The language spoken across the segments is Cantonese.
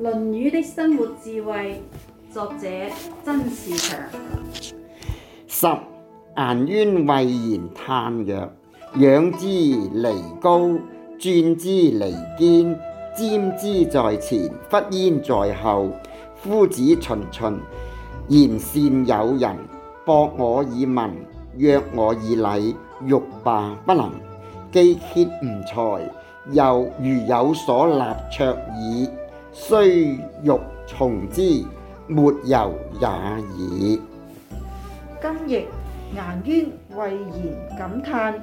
《論語》的生活智慧，作者曾仕強。十顏淵喟然嘆曰：“仰之彌高，鑽之彌堅，瞻之在前，忽焉在後。夫子循循然善誘人，博我以文，約我以禮，欲罷不能。既竭吾才，又如有所立卓矣。”雖欲從之，末由也已。今日顏淵喟然感嘆，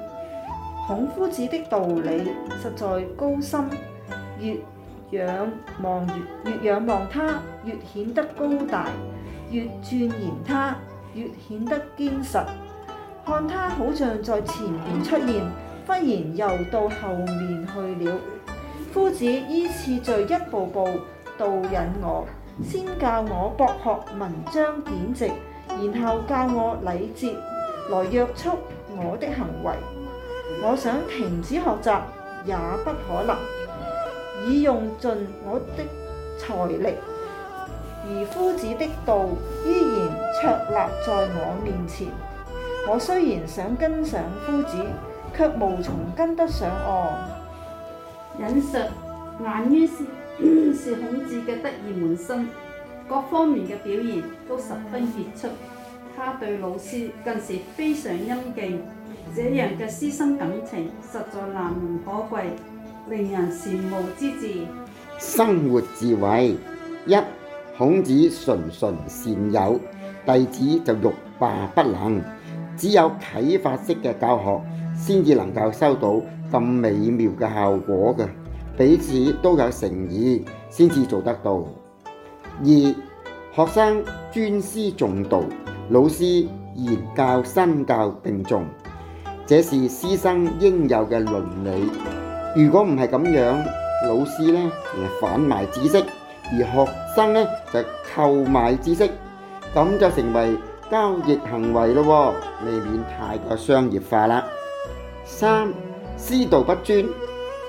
孔夫子的道理實在高深。越仰望越越仰望他，越顯得高大；越鑽研他，越顯得堅實。看他好像在前面出現，忽然又到後面去了。夫子依次序一步步。導引我，先教我博學文章典籍，然後教我禮節，來約束我的行為。我想停止學習，也不可能，已用盡我的才力，而夫子的道依然卓立在我面前。我雖然想跟上夫子，卻無從跟得上哦。引術難於是。 是孔子嘅得意門生，各方面嘅表現都十分傑出。他對老師更是非常欽敬，這樣嘅師生感情實在難能可貴，令人羨慕之至。生活智慧一，孔子循循善誘，弟子就欲罷不能。只有啟發式嘅教學，先至能夠收到咁美妙嘅效果嘅。彼此都有誠意，先至做得到。二，學生尊師重道，老師言教身教並重，這是師生應有嘅倫理。如果唔係咁樣，老師呢就販賣知識，而學生呢就購買知識，咁就成為交易行為咯，哦，未免太過商業化啦。三，師道不尊。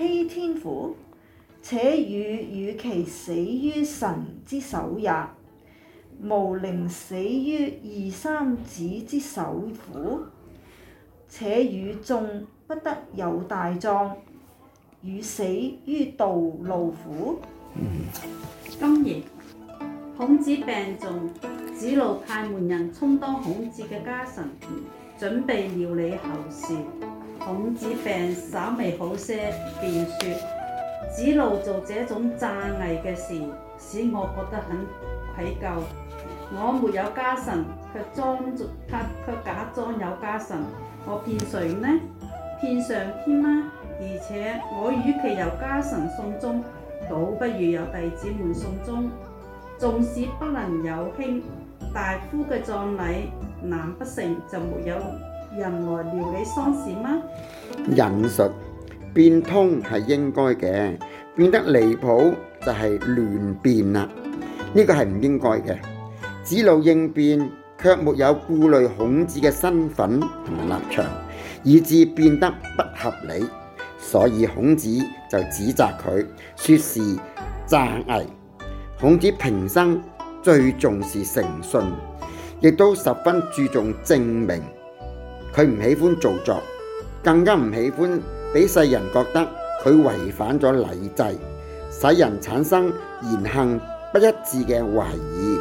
欺天乎，且予與其死於臣之手也，無寧死於二三子之手乎。且予縱不得有大葬，予死於道路乎。今夜、嗯、孔子病重，子路派門人充當孔子嘅家臣，準備料理後事。孔子病稍微好些，便說：子路做這種詐偽嘅事，使我覺得很愧疚。我沒有家臣，卻裝作卻卻假裝有家臣，我騙誰呢？騙上天嗎？而且我與其由家臣送終，倒不如有弟子們送終。縱使不能有卿大夫嘅葬禮，難不成就沒有？人來料理喪事嗎？人術變通係應該嘅，變得離譜就係亂變啦。呢個係唔應該嘅。子路應變，卻沒有顧慮孔子嘅身份同埋立場，以致變得不合理，所以孔子就指責佢，説是詐偽。孔子平生最重視誠信，亦都十分注重正名。佢唔喜歡做作，更加唔喜歡俾世人覺得佢違反咗禮制，使人產生言行不一致嘅懷疑。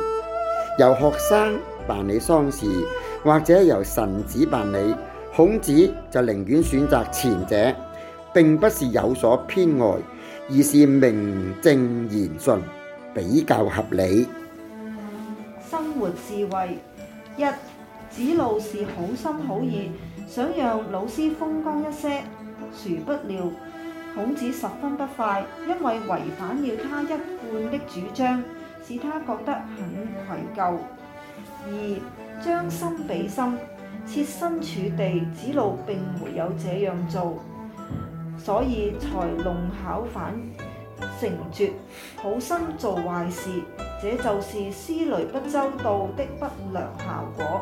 由學生辦理喪事，或者由臣子辦理，孔子就寧願選擇前者。並不是有所偏愛，而是名正言順，比較合理。生活智慧一。子路是好心好意，想讓老師風光一些，殊不料孔子十分不快，因為違反了他一貫的主張，使他覺得很愧疚。而將心比心，切身處地，子路並沒有這樣做，所以才弄巧反成拙，好心做壞事，這就是思慮不周到的不良效果。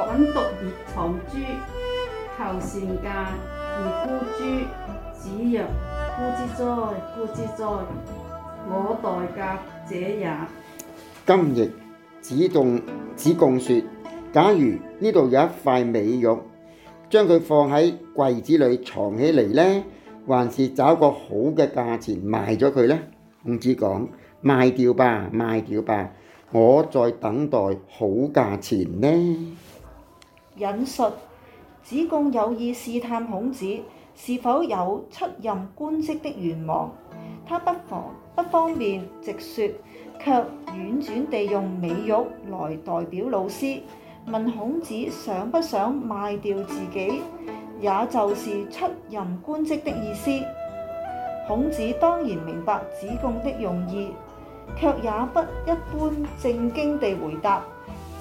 肯獨而藏諸，求善價而沽諸。子曰：沽之哉，沽之哉！我待價者也。今日子貢子貢說：假如呢度有一塊美玉，將佢放喺櫃子裏藏起嚟呢，還是找個好嘅價錢賣咗佢呢？」孔子講：賣掉吧，賣掉吧，我在等待好價錢呢。引述子貢有意試探孔子是否有出任官職的願望，他不妨不方便直說，卻婉轉地用美玉來代表老師，問孔子想不想賣掉自己，也就是出任官職的意思。孔子當然明白子貢的用意，卻也不一般正經地回答，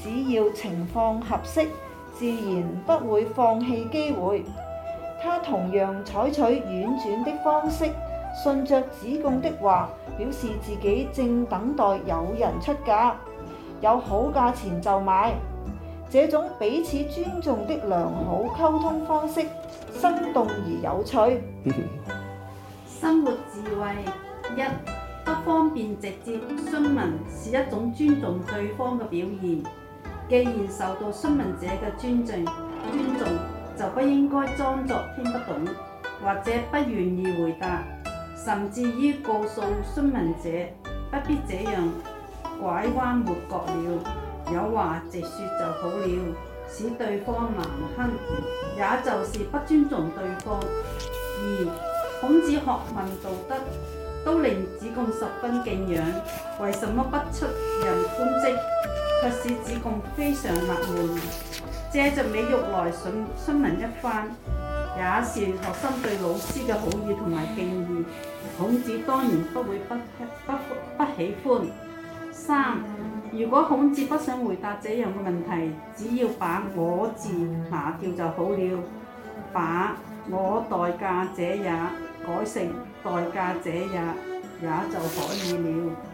只要情況合適，自然不會放棄機會。他同樣採取婉轉的方式，順着子貢的話，表示自己正等待有人出價，有好價錢就買。這種彼此尊重的良好溝通方式，生動而有趣。 生活智慧一，不方便直接詢問是一種尊重對方嘅表現。既然受到詢問者嘅尊敬、尊重，就不應該裝作聽不懂，或者不願意回答，甚至於告訴詢問者不必這樣拐彎抹角了，有話直說就好了，使對方難堪，也就是不尊重對方。二、孔子學問道德。都令子貢十分敬仰，為什麼不出人官職，卻使子貢非常納悶？借着美玉來詢詢問一番，也是學生對老師嘅好意同埋敬意。孔子當然不會不不不，不喜歡。三，如果孔子不想回答這樣嘅問題，只要把我字拿掉就好了，把我代價者也改成。待賈者，這日也就可以了，了。